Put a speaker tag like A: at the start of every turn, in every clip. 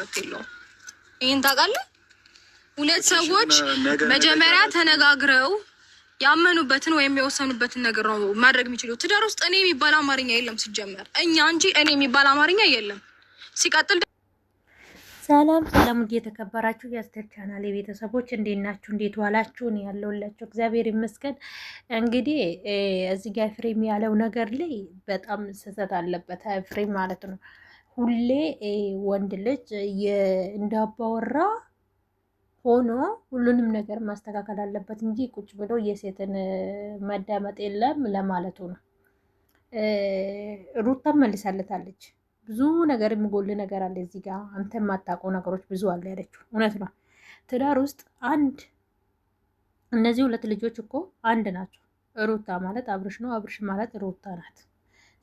A: መብት የለውም። ይህን ታውቃለህ። ሁለት ሰዎች መጀመሪያ ተነጋግረው ያመኑበትን ወይም የወሰኑበትን ነገር ነው ማድረግ የሚችሉ። ትዳር ውስጥ እኔ የሚባል አማርኛ የለም ሲጀመር፣ እኛ እንጂ እኔ የሚባል አማርኛ የለም። ሲቀጥል
B: ሰላም ሰላም፣ ውድ የተከበራችሁ የአስተር ቻናል የቤተሰቦች እንዴት ናችሁ? እንዴት ዋላችሁ? እኔ ያለሁላችሁ እግዚአብሔር ይመስገን። እንግዲህ እዚህ ጋር ፍሬም ያለው ነገር ላይ በጣም ስህተት አለበት። ፍሬም ማለት ነው ሁሌ ወንድ ልጅ እንዳባወራ ሆኖ ሁሉንም ነገር ማስተካከል አለበት እንጂ ቁጭ ብሎ የሴትን መዳመጥ የለም ለማለቱ ነው። ሩታም መልሳለታለች። ብዙ ነገር የሚጎል ነገር አለ እዚህ ጋ አንተ የማታውቀው ነገሮች ብዙ አለ ያለችው እውነት ነው። ትዳር ውስጥ አንድ እነዚህ ሁለት ልጆች እኮ አንድ ናቸው። ሩታ ማለት አብርሽ ነው፣ አብርሽ ማለት ሩታ ናት።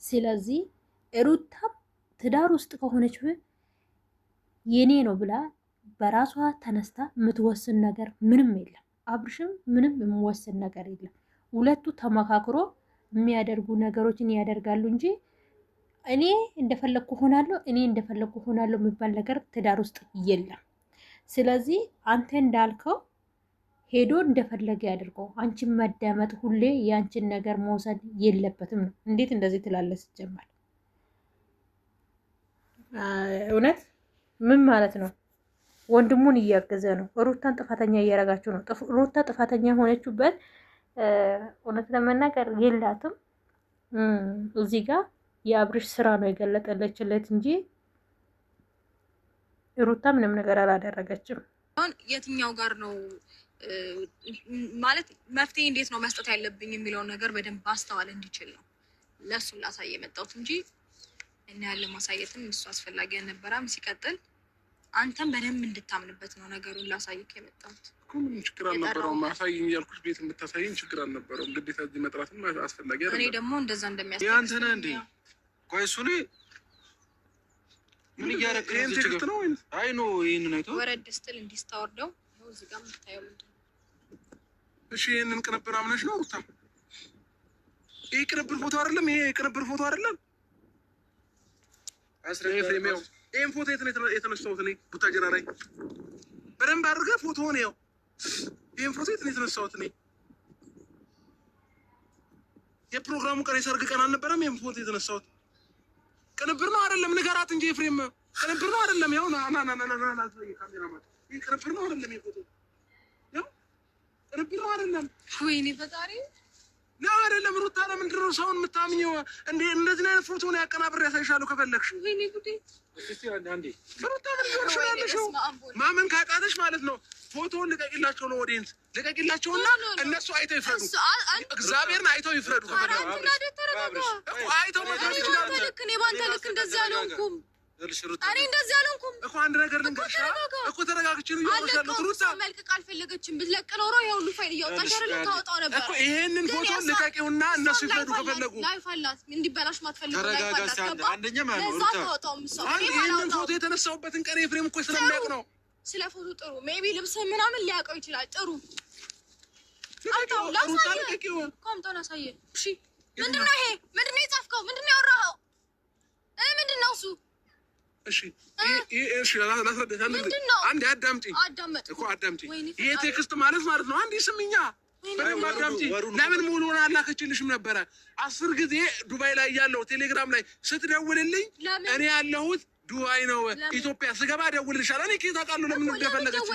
B: ስለዚህ ሩታም ትዳር ውስጥ ከሆነች የኔ ነው ብላ በራሷ ተነስታ የምትወስን ነገር ምንም የለም። አብርሽም ምንም የምወስን ነገር የለም። ሁለቱ ተመካክሮ የሚያደርጉ ነገሮችን ያደርጋሉ እንጂ እኔ እንደፈለግኩ ሆናለሁ፣ እኔ እንደፈለግኩ ሆናለሁ የሚባል ነገር ትዳር ውስጥ የለም። ስለዚህ አንተ እንዳልከው ሄዶ እንደፈለገ ያደርገው። አንቺን መዳመጥ ሁሌ የአንቺን ነገር መውሰድ የለበትም ነው። እንዴት እንደዚህ ትላለህ? ሲጀመር እውነት ምን ማለት ነው? ወንድሙን እያገዘ ነው። ሩታን ጥፋተኛ እያረጋችሁ ነው። ሩታ ጥፋተኛ የሆነችበት እውነት ለመናገር የላትም። እዚህ ጋር የአብርሽ ስራ ነው የገለጠለችለት እንጂ ሩታ ምንም ነገር አላደረገችም።
A: አሁን የትኛው ጋር ነው ማለት መፍትሄ እንዴት ነው መስጠት ያለብኝ የሚለውን ነገር በደንብ ማስተዋል እንዲችል ነው ለእሱም ላሳየ የመጣሁት እንጂ እኔ ያለ ማሳየትም እሱ አስፈላጊ አልነበረም። ሲቀጥል አንተም በደንብ እንድታምንበት ነው ነገሩን ላሳይክ የመጣሁት።
C: ምንም ችግር አልነበረው። አሳይኝ ያልኩሽ ቤት የምታሳይኝ ችግር አልነበረው። ግዴታ እዚህ መጥራትም አስፈላጊ አይደለም። እኔ
A: ደግሞ እንደዛ እንደሚያስ
C: አንተ ነህ እንዴ? ቆይ እሱ ላይ ምን እያደረክ ነው? አይ ኖ ይህንን አይቶ
A: ወረድ ስትል እንዲስታወርደው እዚህ ጋር የምታየው
C: እሺ ይህንን ቅንብር አምነሽ ነው ሩታ? ይህ ቅንብር ፎቶ አይደለም። ይሄ ቅንብር ፎቶ አይደለም። ኤፍሬም ያው ይህም ፎቶ የት ነው የተነሳሁት? እኔ ቡታጀራ ላይ በደንብ አድርገህ ፎቶውን ያው ይህም ፎቶ የት ነው የተነሳሁት? እኔ የፕሮግራሙ ቀን የሰርግ ቀን አልነበረም? ይህም ፎቶ የተነሳሁት ቅንብር ነው አይደለም? ንገራት እንጂ ኤፍሬም፣ ቅንብር ነው አይደለም? ያው ቅንብር ነው አይደለም? ቅንብር ነው አይደለም?
A: ወይኔ ፈጣሪ
C: ነው አይደለም? ሩታ ለምንድን ነው ሰውን የምታምኘው? እንደ እንደዚህ አይነት ፎቶ ነው ያቀናብር ያሳይሻለሁ ከፈለግሽ። ሩታ ያለሽው ማመን ካቃተሽ ማለት ነው። ፎቶውን ልቀቂላቸው ነው፣ ወዴንስ ልቀቂላቸውና እነሱ አይተው ይፍረዱ። እግዚአብሔርን አይተው ይፍረዱ። አይተው
A: መፍረድ ልክ እኔ ባንተ ልክ እንደዚህ አልሆንኩም እኔ እንደዚህ አልሆንኩም
C: እኮ አንድ ነገር ልንገርሽ እኮ ተረጋግቼ ነው እያወራሻለሁ። ሩታ
A: መልቀቅ አልፈለገችም። ብትለቅ ኖሮ ይሄ ሁሉ ፋይል እያወጣሽ ታወጣው ነበር እኮ።
C: ይሄንን ፎቶ ልቀቂውና እነሱ ይፈዱ ከፈለጉ።
A: ላይፍ አላት እንዲበላሽ ማትፈልገው
D: ላይፍ አላት። ገባ ለዛ
A: ታወጣውም ሰው
C: ይሄንን ፎቶ የተነሳሁበትን ቀን ኤፍሬም እኮ ስለሚያውቅ ነው።
A: ስለ ፎቶ ጥሩ ሜቢ ልብስ ምናምን ሊያውቀው ይችላል። ጥሩ አምጣው፣ ላሳየን እኮ አምጣው፣ ምንድን ነው ይሄ? ምንድን ነው የጻፍከው? ምንድን ነው ያወራኸው? ምንድን ነው እሱ
C: እሺ እሺ፣ አንዴ አዳምጪኝ እኮ አዳምጪኝ። ይሄ ቴክስት ማለት ማለት ነው። አንዴ ስሚኛ በደንብ አዳምጪኝ። ለምን ሙሉውን አላከችልሽም ነበረ? አስር ጊዜ ዱባይ ላይ ያለው ቴሌግራም ላይ ስትደውልልኝ እኔ ያለሁት ዱባይ ነው፣ ኢትዮጵያ ስገባ እደውልልሻለሁ። እኔ ከየት አውቃለሁ ለምን እንደፈለገችው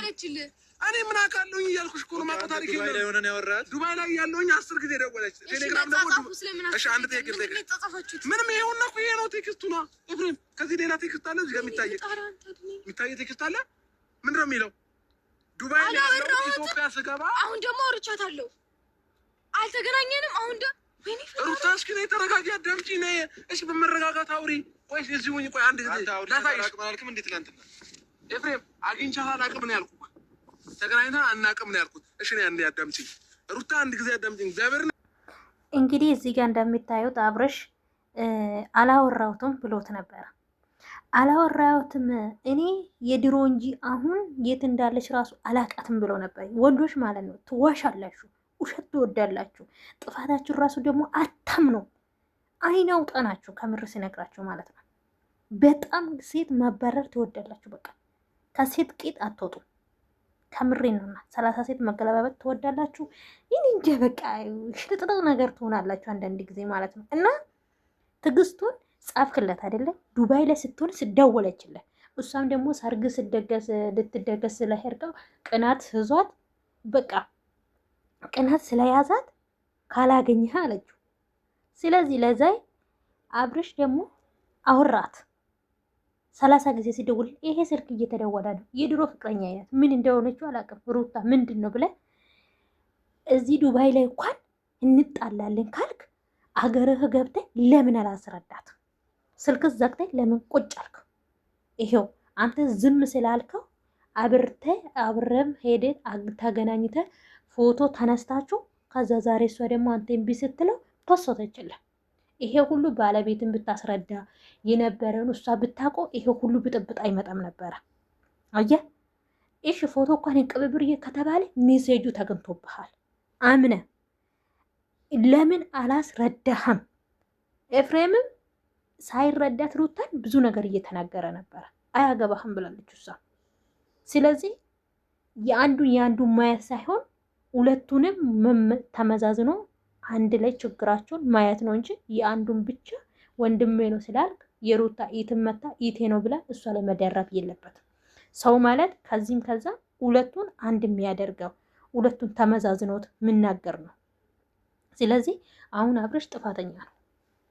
C: እኔ ምን አውቃለሁኝ እያልኩሽ እኮ ነው የማውቀው ታሪክ
D: የለም።
C: ዱባይ ላይ ያለሁኝ አስር ጊዜ ደወለች።
A: ቴሌግራም ደግሞ
C: አንድ ምንም ይሄውና እኮ ይሄ ነው ቴክስቱ ነው ኤፍሬም። ከዚህ ሌላ ቴክስት አለ እዚህ ጋር የሚታየ የሚታየ ቴክስት አለ። ምንድን ነው የሚለው? ዱባይ ላይ ያለው ኢትዮጵያ ስገባ
A: አሁን ደግሞ አውርቻታለሁ። አልተገናኘንም። አሁን ደ ሩታ
C: እስኪ ነይ ተረጋጊ፣ አዳምጪ ነይ። እሺ በመረጋጋት አውሪ። ቆይ እዚህ ሁኚ። ቆይ አንድ ጊዜ ላሳይሽ። ኤፍሬም አግኝቻት አላውቅም ነው ያልኩህ ተገናኝተን አናቅም ነው ያልኩት። እሺ አንዴ አዳምጪኝ ሩታ፣ አንድ ጊዜ አዳምጪኝ እግዚአብሔር።
B: እንግዲህ እዚህ ጋር እንደሚታዩት አብርሽ አላወራሁትም ብሎት ነበረ። አላወራሁትም እኔ የድሮ እንጂ አሁን የት እንዳለች ራሱ አላቃትም ብሎ ነበር። ወንዶች ማለት ነው ትዋሻላችሁ፣ ውሸት ትወዳላችሁ፣ ጥፋታችሁ ራሱ ደግሞ አታም ነው አይን አውጣ ናችሁ። ከምር ሲነግራችሁ ማለት ነው በጣም ሴት ማባረር ትወዳላችሁ። በቃ ከሴት ቂጥ አትወጡም። ከምሬ ነው። ነውና ሰላሳ ሴት መገለባበጥ ትወዳላችሁ። ይህን እንጃ በቃ ሽልጥጥጥ ነገር ትሆናላችሁ አንዳንድ ጊዜ ማለት ነው። እና ትዕግስቱን ጻፍክለት አይደለም ዱባይ ላይ ስትሆን ስደወለችለት እሷም ደግሞ ሰርግ ስደገስ ልትደገስ ስለሄድከው ቅናት ህዟት በቃ ቅናት ስለያዛት ካላገኘህ አለችው። ስለዚህ ለዛይ አብርሽ ደግሞ አውራት ሰላሳ ጊዜ ሲደውል ይሄ ስልክ እየተደወለ ነው። የድሮ ፍቅረኛ አይነት ምን እንደሆነችው አላውቅም። ሩታ ምንድን ነው ብለህ እዚህ ዱባይ ላይ እንኳን እንጣላለን ካልክ አገርህ ገብተህ ለምን አላስረዳት? ስልክ ዘግተህ ለምን ቁጭ አልክ? ይሄው አንተ ዝም ስላልከው አብርተ አብረም ሄደ ተገናኝተ ፎቶ ተነስታችሁ ከዛ ዛሬ እሷ ደግሞ አንተ እምቢ ስትለው ተሰተችልህ። ይሄ ሁሉ ባለቤትን ብታስረዳ የነበረውን እሷ ብታቆ ይሄ ሁሉ ብጥብጥ አይመጣም ነበረ። አየ እሺ፣ ፎቶ እንኳን ቅብብር ከተባለ ሜሴጁ ተገንቶብሃል። አምነ ለምን አላስረዳህም? ኤፍሬምም ሳይረዳት ሩታን ብዙ ነገር እየተናገረ ነበረ። አያገባህም ብላለች እሷ። ስለዚህ የአንዱን የአንዱን ማየት ሳይሆን ሁለቱንም ተመዛዝኖ አንድ ላይ ችግራቸውን ማየት ነው እንጂ የአንዱን ብቻ ወንድሜ ነው ስላልክ የሩታ ኢትን መታ ኢቴ ነው ብላ እሷ ላይ መደረብ የለበትም። ሰው ማለት ከዚህም ከዛ ሁለቱን አንድ የሚያደርገው ሁለቱን ተመዛዝኖት ምናገር ነው። ስለዚህ አሁን አብረሽ ጥፋተኛ ነው።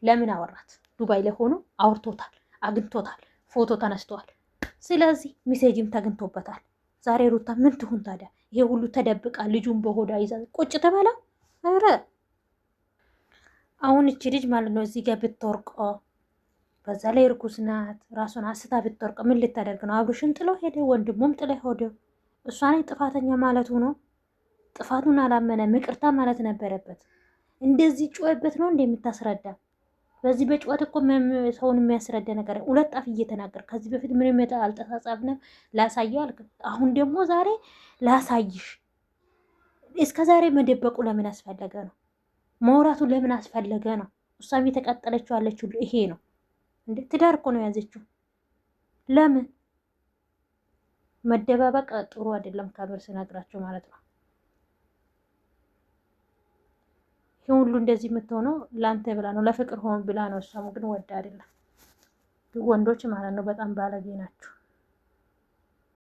B: ለምን አወራት? ዱባይ ላይ ሆኖ አውርቶታል፣ አግኝቶታል፣ ፎቶ ተነስተዋል። ስለዚህ ሚሴጅም ተግኝቶበታል። ዛሬ ሩታ ምን ትሁን ታዲያ? ይሄ ሁሉ ተደብቃ ልጁን በሆዳ ይዛ ቁጭ ትበላ? ኧረ አሁን እቺ ልጅ ማለት ነው እዚህ ጋር ብትወርቆ በዛ ላይ እርጉዝ ናት፣ ራሷን አስታ ብትወርቆ ምን ልታደርግ ነው? አብርሽም ጥሎ ሄደ፣ ወንድሙም ጥሎ ሄደ። እሷን ጥፋተኛ ማለቱ ነው። ጥፋቱን አላመነ ምቅርታ ማለት ነበረበት። እንደዚህ ጩኸበት ነው እንደምታስረዳ በዚህ በጭዋት እኮ ሰውን የሚያስረዳ ነገር ሁለት ጣፍ እየተናገር ከዚህ በፊት ምንም አልጠሳጻፍንም። ላሳየው አልክ፣ አሁን ደግሞ ዛሬ ላሳይሽ። እስከ ዛሬ መደበቁ ለምን አስፈለገ ነው? መውራቱ ለምን አስፈለገ ነው። እሷም የተቃጠለችው አለች ሁሉ ይሄ ነው እንዴ! ትዳር እኮ ነው የያዘችው። ለምን መደባበቅ ጥሩ አይደለም፣ ካልሆነ ስነግራቸው ማለት ነው። ይህ ሁሉ እንደዚህ የምትሆነው ለአንተ ብላ ነው፣ ለፍቅር ሆን ብላ ነው። እሷም ግን ወድ አይደለም። ወንዶች ማለት ነው በጣም ባለጌ ናቸው።